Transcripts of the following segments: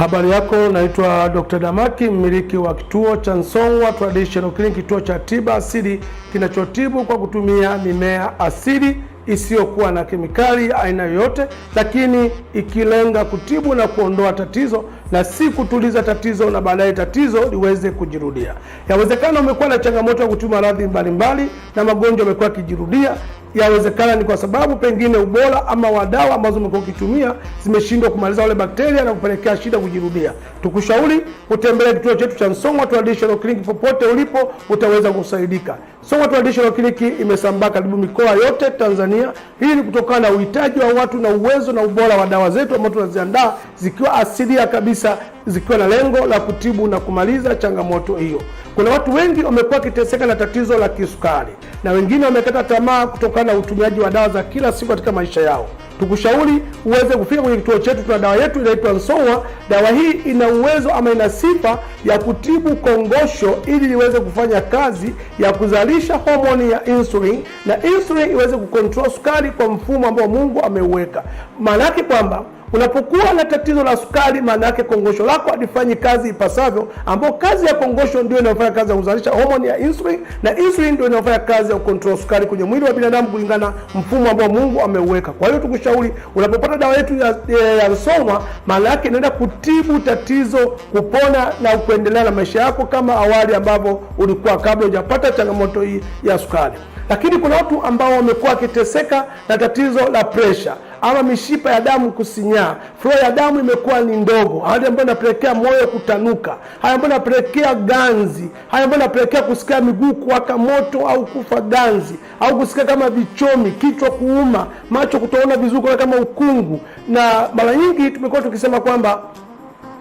Habari yako, naitwa Dr. Damaki, mmiliki wa kituo cha Song'wa Traditional Clinic, kituo cha tiba asili kinachotibu kwa kutumia mimea asili isiyokuwa na kemikali aina yoyote, lakini ikilenga kutibu na kuondoa tatizo na si kutuliza tatizo na baadaye tatizo liweze kujirudia. Yawezekana umekuwa na changamoto ya kutibu maradhi mbalimbali na magonjwa yamekuwa yakijirudia, yawezekana ni kwa sababu pengine ubora ama wadawa ambazo umekuwa ukitumia zimeshindwa kumaliza wale bakteria na kupelekea shida kujirudia. Tukushauri utembelee kituo chetu cha Song'wa Traditional Clinic, popote ulipo utaweza kusaidika. Song'wa Traditional Clinic imesambaa karibu mikoa yote Tanzania. Hii ni kutokana na uhitaji wa watu na uwezo na ubora wa dawa zetu ambazo tunaziandaa zikiwa asilia kabisa, zikiwa na lengo la kutibu na kumaliza changamoto hiyo. Kuna watu wengi wamekuwa wakiteseka na tatizo la kisukari na wengine wamekata tamaa kutokana na utumiaji wa dawa za kila siku katika maisha yao. Tukushauri uweze kufika kwenye kituo chetu. Tuna dawa yetu inaitwa Nsowa. Dawa hii ina uwezo ama ina sifa ya kutibu kongosho ili iweze kufanya kazi ya kuzalisha homoni ya insulin, na insulin iweze kukontrol sukari kwa mfumo ambao Mungu ameuweka. Maana yake kwamba Unapokuwa na tatizo la sukari, maana yake kongosho lako halifanyi kazi ipasavyo, ambao kazi ya kongosho ndio inayofanya kazi ya kuzalisha homoni ya insulin, na insulin ndio inayofanya kazi ya kucontrol sukari kwenye mwili wa binadamu kulingana mfumo ambao Mungu ameuweka. Kwa hiyo tukushauri, unapopata dawa yetu ya, ya, ya Soma, maana yake inaenda kutibu tatizo, kupona na kuendelea na maisha yako kama awali ambavyo ulikuwa kabla hujapata changamoto hii ya sukari. Lakini kuna watu ambao wamekuwa wakiteseka na tatizo la pressure ama mishipa ya damu kusinyaa, flow ya damu imekuwa ni ndogo, hali ambayo inapelekea moyo kutanuka, hali ambayo inapelekea ganzi, hali ambayo inapelekea kusikia miguu kuwaka moto au kufa ganzi, au kusikia kama vichomi, kichwa kuuma, macho kutoona vizuri, kuona kama ukungu. Na mara nyingi tumekuwa tukisema kwamba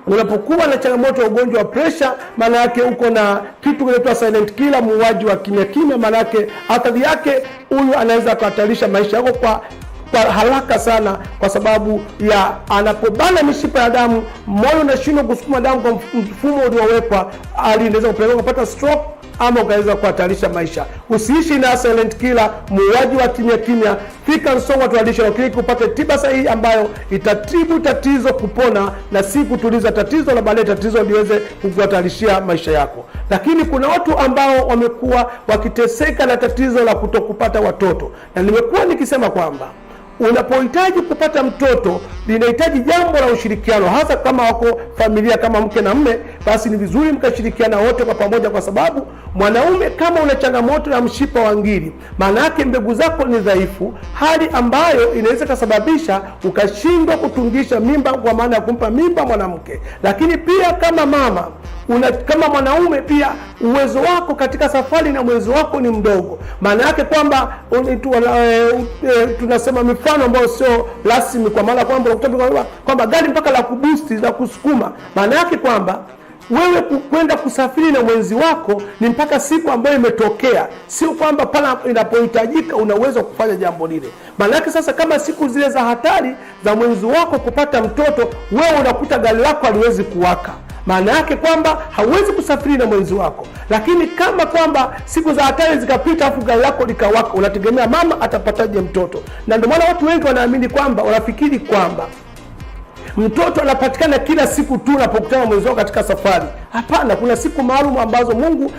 unapokuwa na changamoto ya ugonjwa wa presha, maana yake uko na kitu kinaitwa silent killer, muuaji wa kimya kimya. Maana yake athari yake, huyu anaweza kuhatarisha maisha yako kwa kwa haraka sana, kwa sababu ya anapobana mishipa ya damu, moyo unashindwa kusukuma damu kwa mfumo uliowekwa, hali inaweza kupeleka kupata stroke ama ukaweza kuhatarisha maisha. Usiishi na silent killer, muuaji wa kimya kimya. Fika Song'wa Traditional Clinic upate tiba sahihi ambayo itatibu tatizo kupona na si kutuliza tatizo la baadaye, tatizo liweze kukuhatarishia maisha yako. Lakini kuna watu ambao wamekuwa wakiteseka na tatizo la kutokupata watoto, na nimekuwa nikisema kwamba unapohitaji kupata mtoto linahitaji jambo la ushirikiano, hasa kama wako familia kama mke na mme, basi ni vizuri mkashirikiana wote kwa pamoja, kwa sababu mwanaume kama una changamoto ya mshipa wa ngiri, maana yake mbegu zako ni dhaifu, hali ambayo inaweza ikasababisha ukashindwa kutungisha mimba, kwa maana ya kumpa mimba mwanamke. Lakini pia kama mama una, kama mwanaume pia uwezo wako katika safari na mwenzi wako ni mdogo. Maana yake kwamba eh, eh, tunasema mifano ambayo sio rasmi, kwa maana kwamba kwamba gari mpaka la kubusti la kusukuma, maana yake kwamba wewe kwenda kusafiri na mwenzi wako ni mpaka siku ambayo imetokea, sio kwamba pala inapohitajika una uwezo wa kufanya jambo lile. yake sasa, kama siku zile za hatari za mwenzi wako kupata mtoto, wewe unakuta gari lako haliwezi kuwaka maana yake kwamba hauwezi kusafiri na mwenzi wako, lakini kama kwamba siku za hatari zikapita, afu gari lako likawaka, unategemea mama atapataje mtoto? Na ndio maana watu wengi wanaamini kwamba, wanafikiri kwamba mtoto anapatikana kila siku tu unapokutana mwenzi wako katika safari. Hapana, kuna siku maalum ambazo Mungu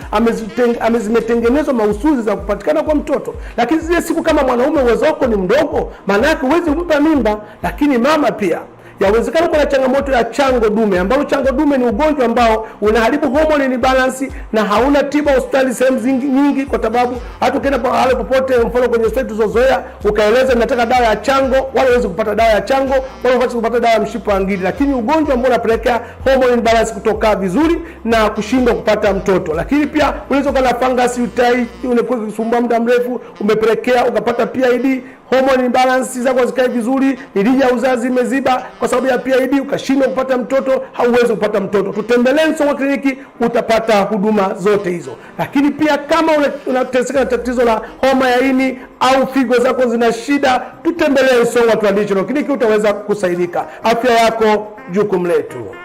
amezimetengenezwa mahususi za kupatikana kwa mtoto, lakini zile siku, kama mwanaume uwezo wako ni mdogo, maana yake huwezi kumpa mimba, lakini mama pia Yawezekana kuna changamoto ya chango dume, ambalo chango dume ni ugonjwa ambao unaharibu hormone balance na hauna tiba hospitali sehemu nyingi, kwa sababu hata ukienda pale popote, mfano kwenye hospitali tulizozoea, ukaeleza nataka dawa ya chango, wala huwezi kupata dawa ya chango, wala huwezi kupata dawa ya mshipa wa ngiri. Lakini ugonjwa ambao unapelekea hormone balance kutoka vizuri na kushindwa kupata mtoto. Lakini pia unaweza kuwa na fangasi, utai, unakuwa ukisumbua muda mrefu, umepelekea ukapata PID hormone imbalance zako zikae vizuri, mirija ya uzazi imeziba kwa sababu ya PID, ukashindwa kupata mtoto, hauwezi kupata mtoto, tutembelee Song'wa Kliniki, utapata huduma zote hizo. Lakini pia kama unateseka na tatizo la homa ya ini au figo zako zina shida, tutembelee Song'wa Traditional Kliniki, utaweza kusaidika. Afya yako jukumu letu.